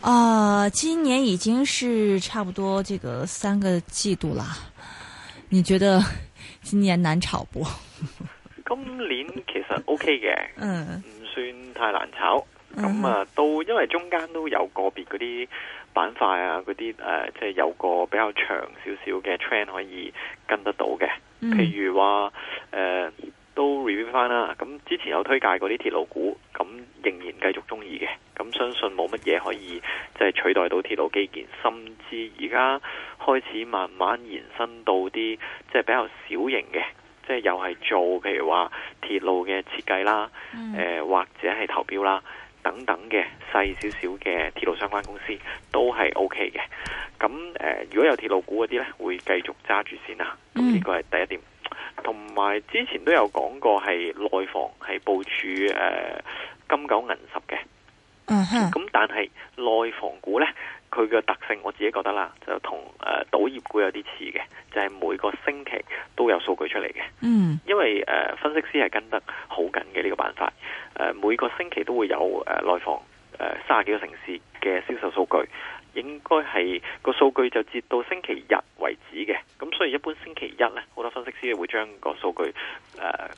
啊、呃，今年已經是差不多這個三個季度啦。你覺得今年難炒不？今年其實 OK 嘅， 嗯，唔算太難炒。咁啊，嗯、都因為中間都有個別嗰啲板塊啊，嗰啲誒，即、呃、係、就是、有個比較長少少嘅 trend 可以跟得到嘅。譬、嗯、如話誒、呃，都 review 翻啦。咁之前有推介嗰啲鐵路股，咁。仍然繼續鍾意嘅，咁相信冇乜嘢可以即係、就是、取代到鐵路基建，甚至而家開始慢慢延伸到啲即係比較小型嘅，即、就、係、是、又係做譬如話鐵路嘅設計啦，誒、嗯呃、或者係投標啦等等嘅細少少嘅鐵路相關公司都係 OK 嘅。咁誒、呃，如果有鐵路股嗰啲呢，會繼續揸住先啊。咁呢個係第一點，同埋、嗯、之前都有講過係內房係部署誒。呃金九銀十嘅，嗯哼、uh，咁、huh. 但係內房股咧，佢嘅特性我自己覺得啦，就同誒賭業股有啲似嘅，就係、是、每個星期都有數據出嚟嘅，嗯、uh，huh. 因為誒、呃、分析師係跟得好緊嘅呢個板塊，誒、呃、每個星期都會有誒內、呃、房誒三十幾個城市嘅銷售數據。應該係個數據就截到星期日為止嘅，咁所以一般星期一呢，好多分析師會將個數據誒、呃、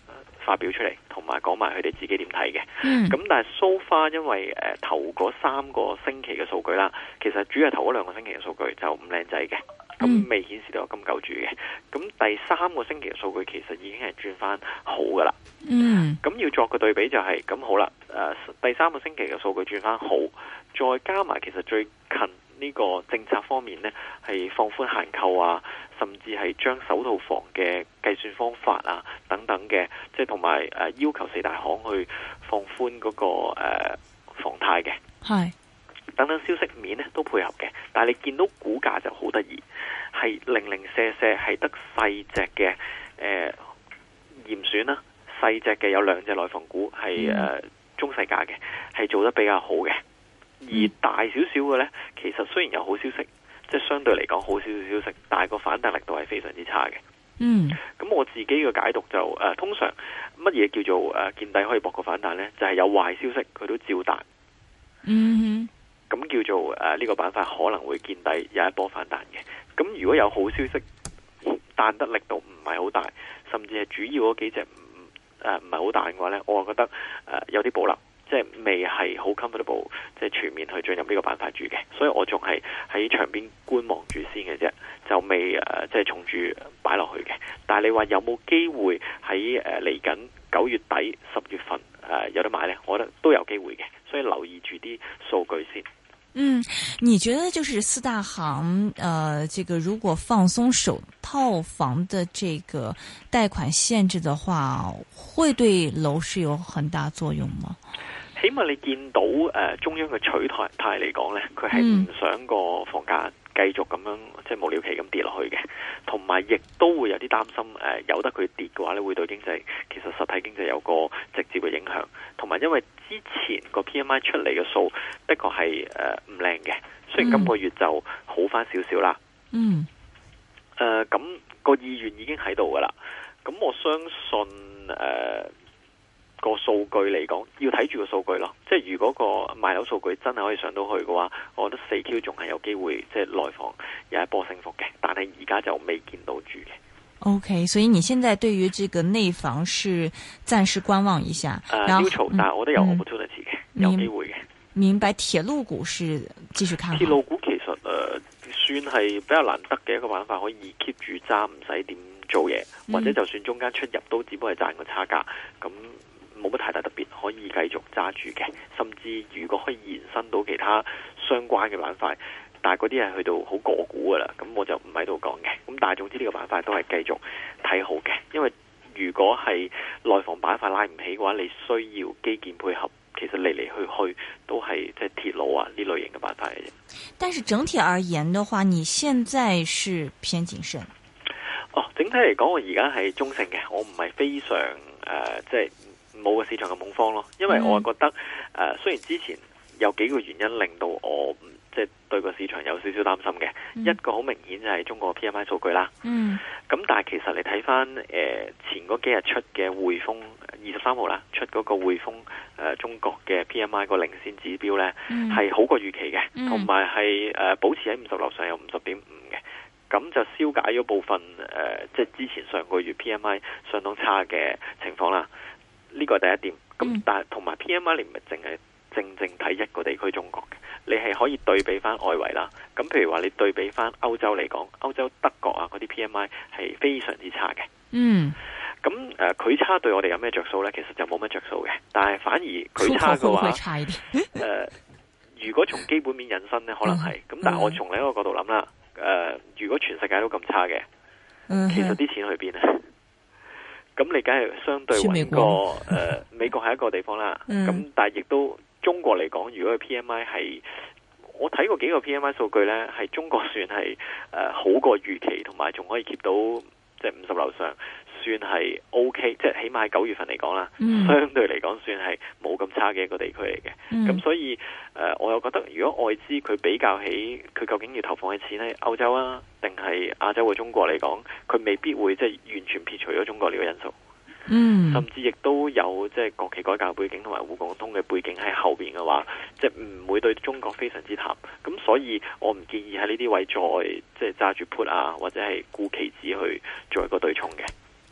發表出嚟，同埋講埋佢哋自己點睇嘅。咁、mm. 但係收花 so far 因為誒、呃、頭嗰三個星期嘅數據啦，其實主要係頭嗰兩個星期嘅數據就唔靚仔嘅，咁、mm. 未顯示到咁夠住嘅。咁第三個星期嘅數據其實已經係轉翻好噶啦。嗯，咁要作個對比就係、是、咁好啦、呃。第三個星期嘅數據轉翻好，再加埋其實最近。呢個政策方面呢，係放寬限購啊，甚至係將首套房嘅計算方法啊等等嘅，即係同埋誒要求四大行去放寬嗰、那個、呃、房貸嘅，係 Yes. 等等消息面呢都配合嘅。但係你見到股價就好得意，係零零舍舍係得細隻嘅誒嚴選啦、啊，細隻嘅有兩隻內房股係誒 Yeah.、呃、中細價嘅，係做得比較好嘅。而大少少嘅呢，其實雖然有好消息，即係相對嚟講好少少消息，但係個反彈力度係非常之差嘅。嗯，咁我自己嘅解讀就誒、啊，通常乜嘢叫做誒、啊、見底可以搏個反彈呢？就係、是、有壞消息佢都照彈。嗯，咁叫做誒呢、啊呢個板塊可能會見底有一波反彈嘅。咁如果有好消息彈得力度唔係好大，甚至係主要嗰幾隻唔誒唔係好彈嘅話呢，我覺覺得誒、啊、有啲保留。即係未係好 comfortable，即係全面去進入呢個辦法住嘅，所以我仲係喺場邊觀望住先嘅啫，就未誒、呃、即係重住擺落去嘅。但係你話有冇機會喺誒嚟緊九月底十月份誒、呃、有得買咧？我覺得都有機會嘅，所以留意住啲數據先。嗯，你覺得就是四大行誒、呃，這個如果放鬆首套房的這個貸款限制的話，會對樓市有很大作用嗎？起碼你見到誒、呃、中央嘅取態嚟講呢，佢係唔想個房價繼續咁樣即係無了期咁跌落去嘅，同埋亦都會有啲擔心誒、呃，由得佢跌嘅話呢，會對經濟其實實體經濟有個直接嘅影響，同埋因為之前個 PMI 出嚟嘅數的確係誒唔靚嘅，雖然今個月就好翻少少啦。嗯。誒、呃，咁、個意願已經喺度噶啦，咁我相信誒。呃個數據嚟講，要睇住個數據咯。即係如果個賣樓數據真係可以上到去嘅話，我覺得四 Q 仲係有機會，即係內房有一波升幅嘅。但係而家就未見到住嘅。O、okay, K，所以你現在對於呢個內房是暫時觀望一下，要求，但係我都有我冇 two 嘅，有機會嘅。嗯、明,會明白，鐵路股是繼續看。鐵路股其實誒、呃、算係比較難得嘅一個玩法，可以 keep 住揸，唔使點做嘢，嗯、或者就算中間出入都只不過係賺個差價咁。嗯冇乜太大特別可以繼續揸住嘅，甚至如果可以延伸到其他相關嘅板塊，但係嗰啲係去到好個股噶啦，咁我就唔喺度講嘅。咁但係總之呢個板塊都係繼續睇好嘅，因為如果係內房板塊拉唔起嘅話，你需要基建配合，其實嚟嚟去去都係即係鐵路啊、呢類型嘅板塊嚟嘅。但是整體而言嘅話，你現在是偏謹慎哦？整體嚟講，我而家係中性嘅，我唔係非常誒，即、呃、係。就是冇個市場嘅恐慌咯，因為我覺得、mm. 呃、雖然之前有幾個原因令到我即、係、對個市場有少少擔心嘅，mm. 一個好明顯就係中國 P M I 數據啦。嗯，咁但係其實你睇翻前嗰幾日出嘅匯豐二十三號啦，出嗰個匯豐、呃、中國嘅 P M I 個領先指標咧，係、mm. 好過預期嘅，同埋係保持喺五十樓上有五十點五嘅，咁就消解咗部分、呃、即係之前上個月 P M I 相當差嘅情況啦。呢個第一點，咁、嗯、但係同埋 P M I 你唔係淨係正正睇一個地區中國嘅，你係可以對比翻外圍啦。咁譬如話你對比翻歐洲嚟講，歐洲德國啊嗰啲 P M I 係非常之差嘅。嗯，咁誒佢差對我哋有咩着數呢？其實就冇乜着數嘅，但係反而佢差嘅話差、 呃，如果從基本面引申呢，可能係。咁、嗯、但係我從另一個角度諗啦，誒、嗯呃、如果全世界都咁差嘅，嗯、是其實啲錢去邊呢？咁你梗係相對穩個，誒美國係一個地方啦。咁、嗯、但係亦都中國嚟講，如果佢 P M I 係我睇過幾個 P M I 數據呢，係中國算係、呃、好過預期，同埋仲可以 keep 到即係五十樓上。算係 O K，即係起碼喺九月份嚟講啦，嗯、相對嚟講算係冇咁差嘅一個地區嚟嘅。咁、嗯、所以誒、呃，我又覺得如果外資佢比較起佢究竟要投放嘅錢喺，歐洲啊，定係亞洲或中國嚟講，佢未必會即係完全撇除咗中國呢個因素。嗯、甚至亦都有即係國企改革背景同埋滬港通嘅背景喺後邊嘅話，即係唔會對中國非常之淡。咁所以我唔建議喺呢啲位再即係揸住 put 啊，或者係沽期指去做一個對沖嘅。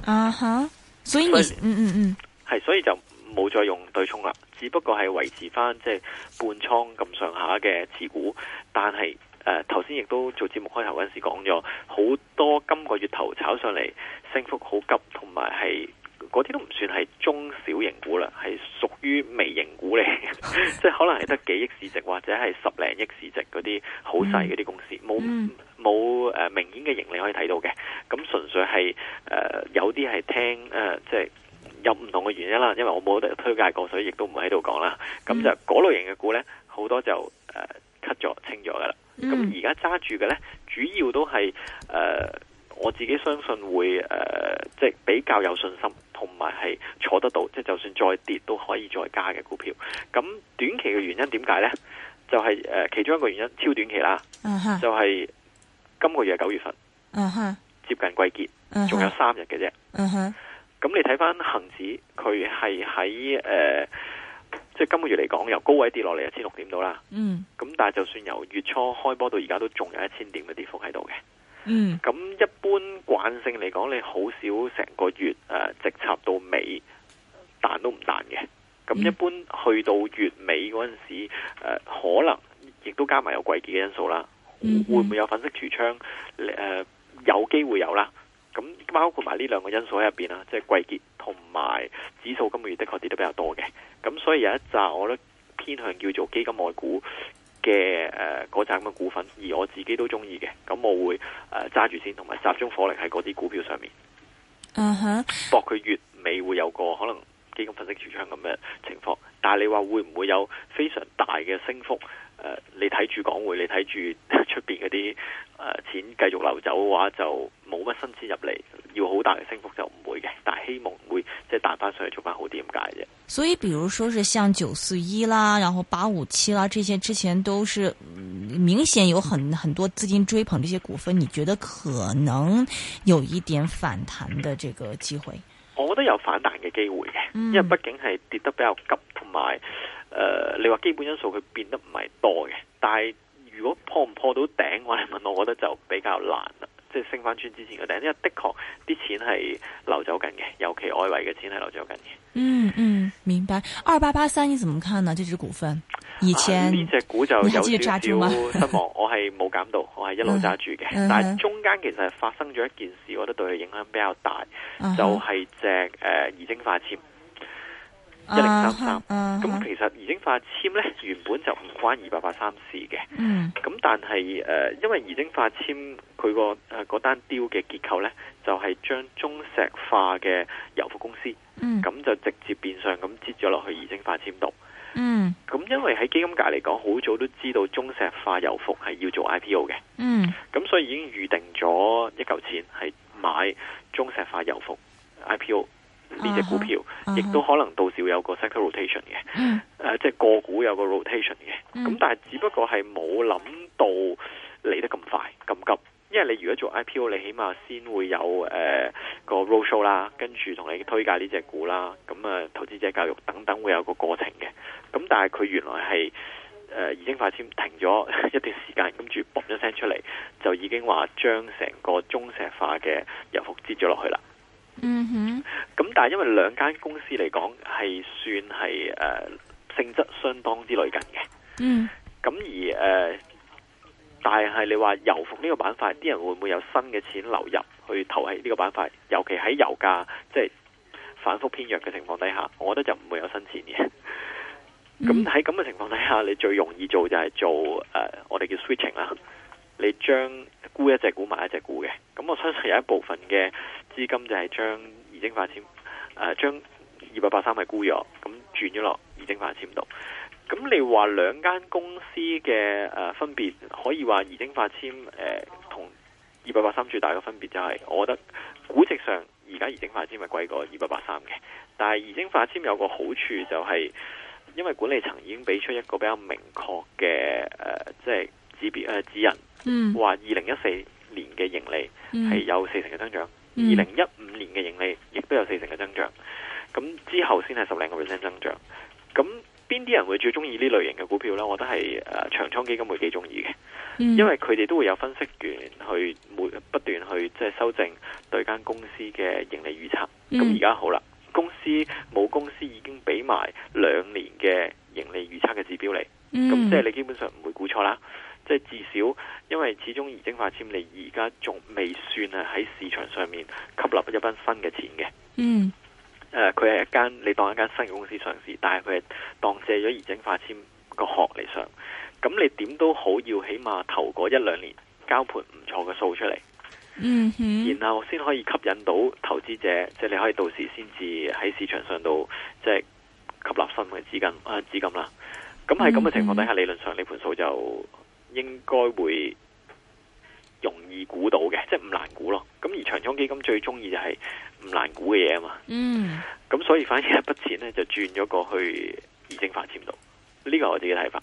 啊哈，所以嗯嗯嗯，係所以就冇再用對沖啦，只不過係維持翻即係半倉咁上下嘅持股，但係誒頭先亦都做節目開頭嗰時講咗好多，今個月頭炒上嚟升幅好急，同埋係嗰啲都唔算係中小型股啦，係屬於微型股嚟， 即係可能係得幾億市值或者係十零億市值嗰啲好細嗰啲公司冇。嗯沒嗯冇誒明顯嘅盈利可以睇到嘅，咁純粹係誒、呃、有啲係聽誒，即、呃、係、就是、有唔同嘅原因啦。因為我冇得推介過，所以亦都唔喺度講啦。咁就嗰類型嘅股咧，好多就誒 cut 咗清咗噶啦。咁而家揸住嘅咧，主要都係誒、呃、我自己相信會誒即係比較有信心，同埋係坐得到，即、就、係、是、就算再跌都可以再加嘅股票。咁短期嘅原因點解咧？就係、是、誒、呃、其中一個原因超短期啦，uh huh. 就係、是。今個月係九月份，嗯哼、uh，huh. 接近季結，仲、uh huh. 有三日嘅啫，嗯哼、uh，咁、huh. 你睇翻恒指，佢係喺誒，即、呃、係、就是、今個月嚟講，由高位跌落嚟一千六點度啦，嗯，咁但係就算由月初開波到而家都仲有一千點嘅跌幅喺度嘅，嗯，咁一般慣性嚟講，你好少成個月誒、呃、直插到尾彈都唔彈嘅，咁一般去到月尾嗰陣時候，誒、呃、可能亦都加埋有季結嘅因素啦。嗯、會唔會有粉飾櫥窗？誒、呃，有機會有啦。咁包括埋呢兩個因素喺入邊啦，即係季結同埋指數今個月的確跌得比較多嘅。咁所以有一紮，我覺得偏向叫做基金外股嘅誒嗰扎咁嘅股份，而我自己都中意嘅。咁我會誒揸住先，同、呃、埋集中火力喺嗰啲股票上面。嗯哼，搏佢月尾會有個可能基金粉飾櫥窗咁嘅情況。但係你話會唔會有非常大嘅升幅？誒、呃，你睇住港匯，你睇住。出邊嗰啲誒錢繼續流走嘅話，就冇乜新錢入嚟，要好大嘅升幅就唔會嘅。但係希望會即係彈翻上去做，做翻好點解嘅。所以，比如說是像九四一啦，然後八五七啦，這些之前都是明顯有很很多資金追捧這些股份，你覺得可能有一點反彈的這個機會？我覺得有反彈嘅機會嘅，因為畢竟係跌得比較急，同埋誒你話基本因素佢變得唔係多嘅，但係。如果破唔破到頂，我嚟問我，我覺得就比較難，即、就、係、是、升翻穿之前嘅頂。因為的確啲錢係流走緊嘅，尤其外圍嘅錢係流走緊嘅。嗯嗯，明白。二八八三，你怎麼看呢？呢隻股份，以前呢隻、啊這個、股就有少少失望，有還記揸住嗎？唔 我係冇減到，我係一路揸住嘅。 但係中間其實係發生咗一件事，我覺得對佢影響比較大， 就係隻誒儀、呃、徵化纖。一零三三，咁其實儀征化纖咧原本就唔關二八八三事嘅，咁、mm. 但係誒、呃，因為儀征化纖佢個誒嗰單 deal 嘅結構咧，就係、是、將中石化嘅油服公司，咁、mm. 就直接變相咁接咗落去儀征化纖度，嗯，咁因為喺基金界嚟講，好早都知道中石化油服係要做 IPO 嘅，嗯，咁所以已經預定咗一嚿錢係買中石化油服 IPO。呢隻股票亦、uh huh, uh huh. 都可能到時會有個 sector rotation 嘅，誒、uh，即、huh. 係、呃就是、個股有個 rotation 嘅，咁、uh huh. 但係只不過係冇諗到嚟得咁快咁急，因為你如果做 IPO，你起碼先會有誒、呃、個 roadshow 啦，跟住同你推介呢隻股啦，咁、嗯、啊投資者教育等等會有個過程嘅，咁但係佢原來係誒、呃、已經快先停咗一段時間，跟住卜一聲出嚟，就已經話將成個中石化嘅油服支咗落去啦。嗯哼，咁但係因為兩間公司嚟講係算係誒、呃、性質相當之類近嘅，嗯，咁而誒、呃，但係你話油服呢個板塊，啲人會唔會有新嘅錢流入去投喺呢個板塊？尤其喺油價即係反覆偏弱嘅情況底下，我覺得就唔會有新錢嘅。咁喺咁嘅情況底下，你最容易做就係做誒、呃、我哋叫 switching 啦，你將沽一隻股買一隻股嘅。咁我相信有一部分嘅。資金就係將儀征化纖將二百八三係沽咗，咁轉咗落儀征化纖度。咁你話兩間公司嘅、呃、分別，可以話儀征化纖同二百八三最大嘅分別就係、是，我覺得估值上而家儀征化纖咪貴過二百八三嘅。但係儀征化纖有個好處就係，因為管理層已經俾出一個比較明確嘅誒，即、呃、係、就是、指別、呃、指引，話二零一四年嘅盈利係有四成嘅增長。二零一五年嘅盈利亦都有四成嘅增長，咁之後先係十零個 percent 增長。咁邊啲人會最中意呢類型嘅股票呢？我覺得係誒長倉基金會幾中意嘅，因為佢哋都會有分析員去每不斷去即係修正對間公司嘅盈利預測。咁而家好啦，公司冇公司已經俾埋兩年嘅盈利預測嘅指標嚟，咁即係你基本上唔會估錯啦。即係至少，因為始終儀征化纖，你而家仲未算係喺市場上面吸納一班新嘅錢嘅。嗯。誒，佢係一間你當一間新嘅公司上市，但係佢係當借咗儀徵化纖個殼嚟上。咁你點都好要，起碼頭嗰一兩年交盤唔錯嘅數出嚟。然後先可以吸引到投資者，即係你可以到時先至喺市場上度即係吸納新嘅資金啊，資金啦。咁喺咁嘅情況底下，理論上呢盤數就應該會容易估到嘅，即係唔難估咯。咁而長倉基金最中意就係唔難估嘅嘢啊嘛。嗯，咁、嗯、所以反而一筆錢咧就轉咗過去儀徵化纖度呢，這個係我自己睇法。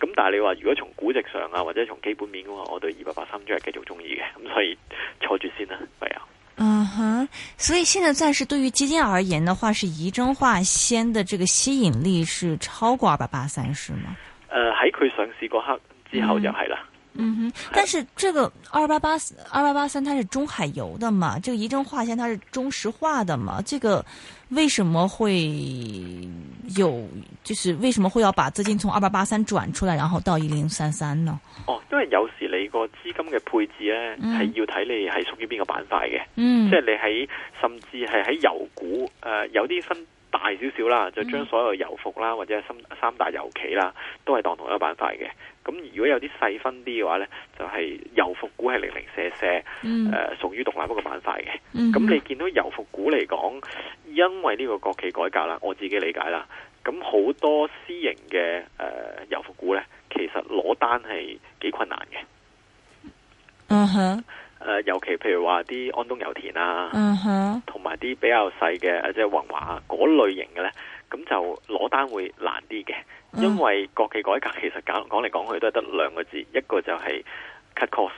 咁、嗯、但係你話如果從估值上啊，或者從基本面嘅話，我對二百八三隻係繼續中意嘅。咁、嗯、所以坐住先啦，係啊。嗯哼、呃，所以現在暫時對於基金而言嘅話，是儀徵化纖的這個吸引力是超過二百八三，十嗎？誒、呃，喺佢上市嗰刻。之後就係啦、嗯，嗯哼，但是這個二八八二八八三，它是中海油的嘛？這個儀徵化纖，它是中石化的嘛？這個為什麼會有？就是為什麼會要把資金從二八八三轉出來，然後到一零三三呢？哦，因為有時你個資金嘅配置咧，係要睇你係屬於邊個板塊嘅，嗯，即係你喺甚至係喺油股誒、呃，有啲分。大少少啦，就將所有油服啦，或者三三大油企啦，都係當同一個板塊嘅。咁如果有啲細分啲嘅話呢，就係、係、油服股係零零舍舍，誒、嗯，屬於獨立一個板塊嘅。咁、嗯、哼你見到油服股嚟講，因為呢個國企改革啦，我自己理解啦，咁好多私營嘅誒油服股呢，其實攞單係幾困難嘅。嗯哼、uh。Huh. 誒、呃，尤其譬如話啲安東油田啊，uh huh. 同埋啲比較細嘅，即係宏華嗰、啊、類型嘅呢，咁就攞單會難啲嘅，uh huh. 因為國企改革其實講講嚟講去都係得兩個字，一個就係 cut cost，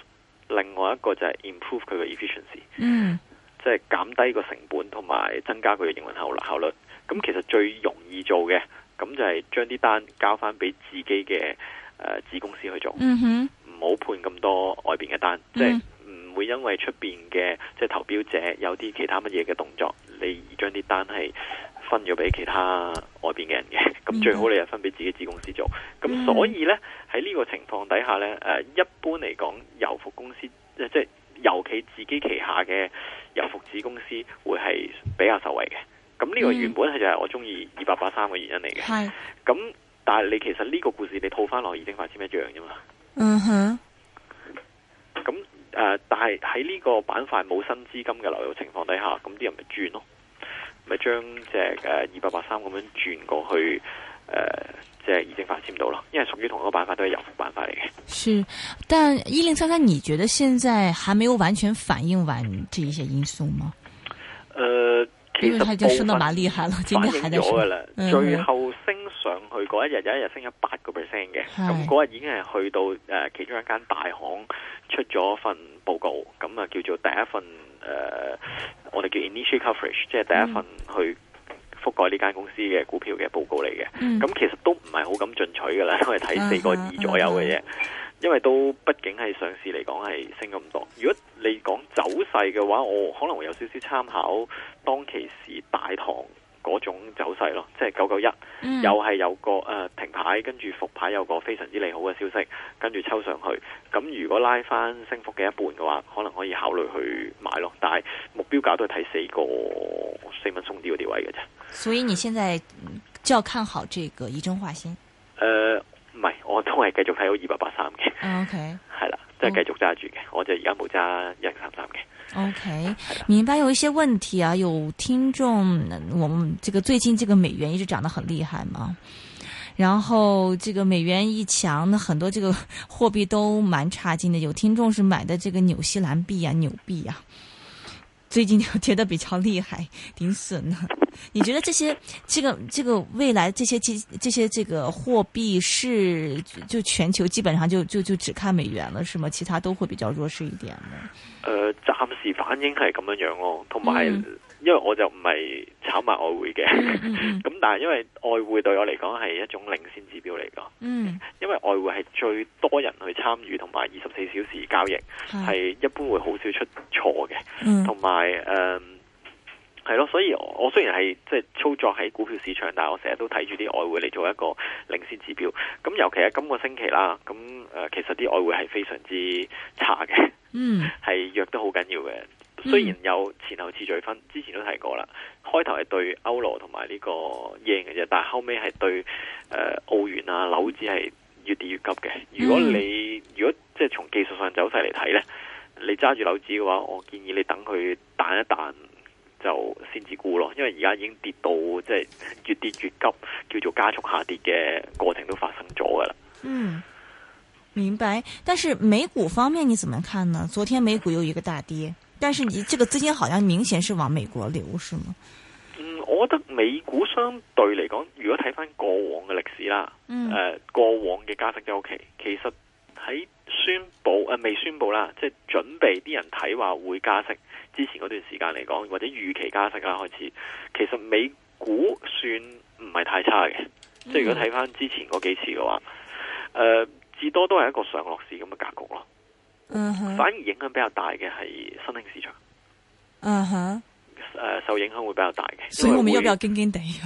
另外一個就係 improve 佢嘅 efficiency，即係減、uh huh. 低個成本同埋增加佢嘅營運效率效率。咁其實最容易做嘅，咁就係將啲單交翻俾自己嘅誒、呃、子公司去做，唔好、uh huh. 判咁多外邊嘅單，即係、uh。Huh. 就是會因為出邊嘅即係投標者有啲其他乜嘢嘅動作，你將啲單係分咗俾其他外邊嘅人嘅，咁最好你又分俾自己子公司做。咁所以呢，喺呢、mm hmm. 個情況底下呢，誒，一般嚟講，油服公司即即係尤其自己旗下嘅油服子公司會係比較受惠嘅。咁呢個原本係就係我中意二八八三嘅原因嚟嘅。咁、mm hmm.，但係你其實呢個故事你套翻落已經百分一樣啫嘛。嗯哼、mm，咁、hmm.。誒、呃，但係喺呢個板塊冇新資金嘅流入情況底下，咁、嗯、啲人咪轉咯，咪將隻誒二八八三咁樣轉過去，誒、呃，即係已經發展到咯，因為屬於同一個板塊都係油服板塊嚟嘅。是，但一零三三，你覺得現在還沒有完全反映完這一些因素嗎？誒、呃。其實部分反映咗噶啦，嗯嗯最後升上去嗰一日有一日升咗八個 percent 嘅，咁嗰日已經係去到誒、呃，其中一間大行出咗份報告，咁啊叫做第一份誒、呃，我哋叫 initial coverage，即係第一份去覆蓋呢間公司嘅股票嘅報告嚟嘅，咁、嗯、其實都唔係好敢進取噶啦，因為睇四個二左右嘅啫。啊啊啊因為都畢竟係上市嚟講係升咗咁多。如果你講走勢嘅話，我可能會有少少參考當其時大堂嗰種走勢咯，即係九九一，又係有個誒、呃、停牌，跟住復牌有個非常之利好嘅消息，跟住抽上去。咁如果拉翻升幅嘅一半嘅話，可能可以考慮去買咯。但係目標價都係睇四個四蚊鬆啲嗰啲位嘅啫。所以你現在較看好這個儀征化纖？誒、呃。唔係，我都係繼續睇到二百八三嘅。O K，係啦，即係繼續揸住嘅。哦、我就而家冇揸一零三三嘅。O Okay , K，的明白。有一些問題啊，有聽眾，我們這個最近這個美元一直漲得很厲害嘛，然後這個美元一強，呢很多這個貨幣都蠻差勁的。有聽眾是買的這個紐西蘭幣啊、紐幣啊，最近就跌得比較厲害，頂損啦。你覺得這些，這個，這個未來這些，這，這些，這，些這，些這個貨幣是就全球基本上就就就只看美元了，是嗎？其他都會比較弱勢一點。誒、呃，暫時反應係咁樣樣咯，同埋、嗯、因為我就唔係炒賣外匯嘅，咁、嗯、但係因為外匯對我嚟講係一種領先指標嚟噶，嗯，因為外匯係最多人去參與，同埋二十四小時交易係、啊、一般會好少出錯嘅，嗯，同埋誒。呃係咯，所以我我雖然係即係操作喺股票市場，但係我成日都睇住啲外匯嚟做一個領先指標。咁尤其係今個星期啦，咁其實啲外匯係非常之差嘅，嗯，係弱得好緊要嘅。雖然有前後次序分，之前都提過啦，開頭係對歐羅同埋呢個贏嘅啫，但後尾係對澳元啊樓指係越跌越急嘅。如果你如果即係從技術上走勢嚟睇咧，你揸住樓指嘅話，我建議你等佢彈一彈。就先至估咯，因為而家已經跌到即係、就是、越跌越急，叫做加速下跌嘅過程都發生咗噶啦。嗯，明白。但是美股方面你怎麼看呢？昨天美股又一個大跌，但是你這個資金好像明顯是往美國流，是嗎？嗯，我覺得美股相對嚟講，如果睇翻過往嘅歷史啦，誒、嗯呃，過往嘅加息周期，其實。喺宣布誒、呃、未宣布啦，即係準備啲人睇話會加息，之前嗰段時間嚟講，或者預期加息啦開始，其實美股算唔係太差嘅，嗯、哼即係如果睇翻之前嗰幾次嘅話，誒、呃、至多都係一個上落市咁嘅格局咯。嗯哼、uh，huh. 反而影響比較大嘅係新興市場。嗯哼、uh，誒、huh. 呃、受影響會比較大嘅，所以我們要比較驚驚地。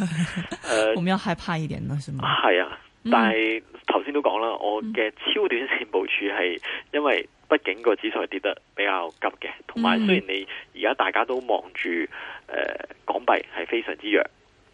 uh, 我們要害怕一點呢？是嗎？啊係啊。但係頭先都講啦，我嘅超短線部署係因為畢竟個指數係跌得比較急嘅，同埋雖然你而家大家都望住誒港幣係非常之弱。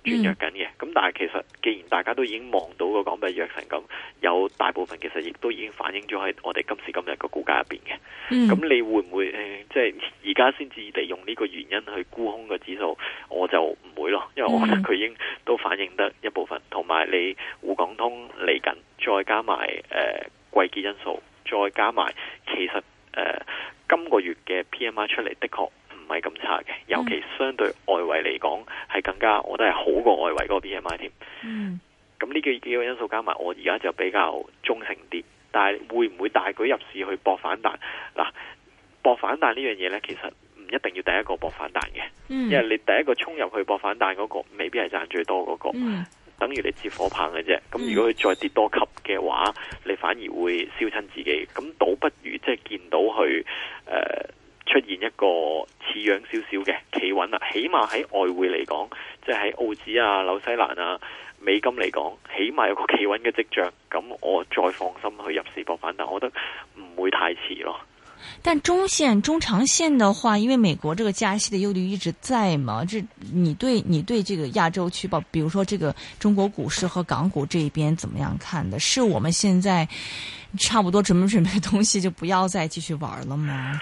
轉弱緊嘅，咁、嗯、但係其實既然大家都已經望到個港幣弱成咁，有大部分其實亦都已經反映咗喺我哋今時今日個股價入邊嘅。咁、嗯、你會唔會誒，即係而家先至地用呢個原因去沽空個指數？我就唔會咯，因為我覺得佢已經都反映得一部分，同埋、嗯、你滬港通嚟緊，來再加埋誒季結因素，再加埋其實誒、呃、今個月嘅 P M I 出嚟的確。唔係咁差嘅，尤其相對外圍嚟講，係、嗯、更加我都係好過外圍嗰個 B M I 添。嗯，咁呢幾幾個因素加埋，我而家就比較中性啲。但係會唔會大舉入市去搏反彈？嗱，搏反彈呢樣嘢呢，其實唔一定要第一個搏反彈嘅，嗯、因為你第一個衝入去搏反彈嗰、那個，未必係賺最多嗰、那個。嗯、等於你接火棒嘅啫。咁如果佢再跌多級嘅話，你反而會燒親自己。咁倒不如即係、就是、見到佢。誒、呃。出現一個似樣少少嘅企穩啦，起碼喺外匯嚟講，即係喺澳紙啊、紐西蘭啊、美金嚟講，起碼有個企穩嘅跡象，咁我再放心去入市博反彈，我覺得唔會太遲咯。但中線、中長線的話，因為美國這個加息的憂慮一直在嘛，這你對、你對這個亞洲區，吧，比如說這個中國股市和港股這一邊，怎麼樣看的？是我們現在差不多準備準備的東西，就不要再繼續玩了嗎？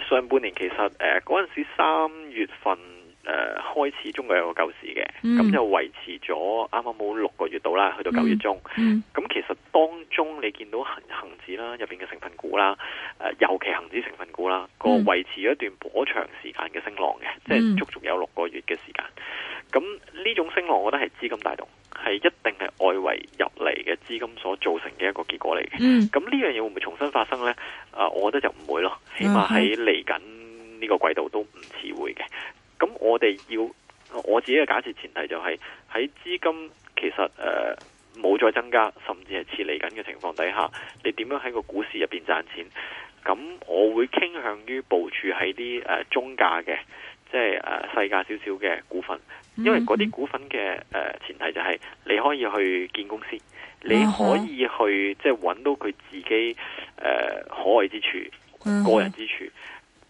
上半年其實，誒、呃，嗰陣時三月份。誒、呃，開始中國有個牛市嘅，咁、嗯、就維持咗啱啱冇六個月到啦，去到九月中。咁、嗯嗯、其實當中你見到恒恒指啦，入邊嘅成分股啦，誒、呃，尤其恒指成分股啦，個維、嗯、持咗一段頗長時間嘅升浪嘅，嗯、即係足足有六個月嘅時間。咁呢、嗯、種升浪，我覺得係資金帶動，係一定係外圍入嚟嘅資金所造成嘅一個結果嚟嘅。咁呢、嗯、樣嘢會唔會重新發生呢？呃、我覺得就唔會咯，起碼喺嚟緊呢個季度都唔似會嘅。咁我哋要我自己嘅假設前提就係喺資金其實誒冇、呃、再增加，甚至係撤離緊嘅情況底下，你點樣喺個股市入邊賺錢？咁我會傾向於部署喺啲誒中價嘅，即係誒細價少少嘅股份，因為嗰啲股份嘅誒、呃、前提就係你可以去建公司，你可以去即係揾到佢自己誒、呃、可愛之處、個人之處。Uh huh.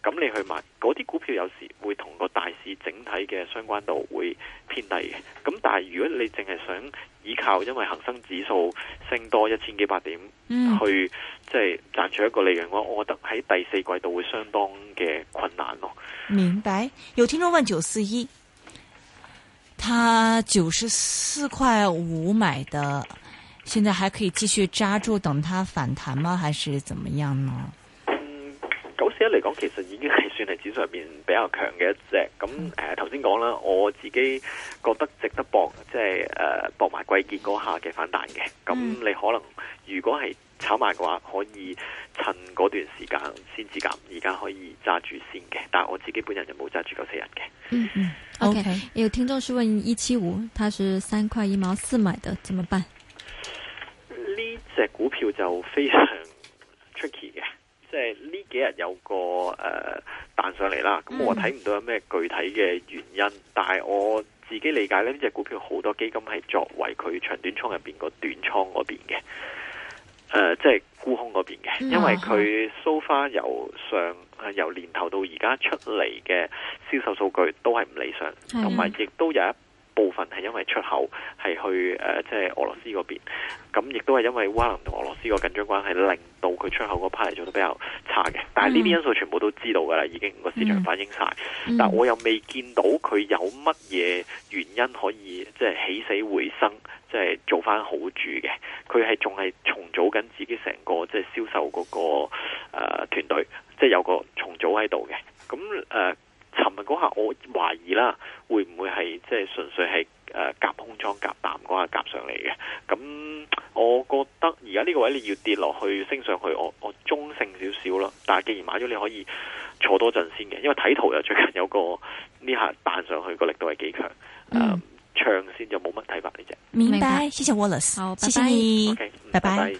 咁你去買嗰啲股票，有時會同個大市整體嘅相關度會偏低嘅。咁但係如果你淨係想依靠，因為恒生指數升多一千幾百點，嗯、去即係賺取一個利潤嘅話，我覺得喺第四季度會相當嘅困難咯。明白。有聽眾問九四一，他九十四塊五買的，現在還可以繼續揸住等它反彈嗎？還是怎麼樣呢？一嚟講，其實已經係算係指數上面比較強嘅一隻。咁誒，頭先講啦，我自己覺得值得搏，即係誒搏埋貴賤嗰下嘅反彈嘅。咁你可能如果係炒賣嘅話，可以趁嗰段時間先至減，而家可以揸住先嘅。但係我自己本人就冇揸住夠四日嘅。嗯嗯，OK，有聽眾是問一七五，它是三塊一毛四買的，怎麼辦？呢隻股票就非常 tricky 嘅。即係呢幾日有個誒、呃、彈上嚟啦，咁我睇唔到有咩具體嘅原因，但係我自己理解咧，呢隻股票好多基金係作為佢長短倉入邊個短倉嗰邊嘅，誒即係沽空嗰邊嘅，因為佢 so far 由上、呃、由年頭到而家出嚟嘅銷售數據都係唔理想，同埋亦都有一。部分係因為出口係去誒，即、呃、係、就是、俄羅斯嗰邊，咁亦都係因為烏克蘭同俄羅斯個緊張關係，令到佢出口嗰 part 做得比較差嘅。但係呢啲因素全部都知道噶啦，嗯、已經個市場反映晒。嗯、但我又未見到佢有乜嘢原因可以即係、就是、起死回生，即、就、係、是、做翻好主嘅。佢係仲係重組緊自己成個即係銷售嗰、那個誒團隊，即、呃、係、就是、有個重組喺度嘅。咁誒。呃琴日嗰下，我懷疑啦，會唔會係即係純粹係誒夾空倉夾淡嗰下夾上嚟嘅？咁、嗯、我覺得而家呢個位你要跌落去升上去，我我中性少少咯。但係既然買咗，你可以坐多陣先嘅，因為睇圖又最近有個呢下彈上去個力度係幾強，誒、呃嗯、唱先就冇乜睇法呢？只明白，多謝 Wallace 好，拜拜，謝謝你 OK 拜拜。謝謝。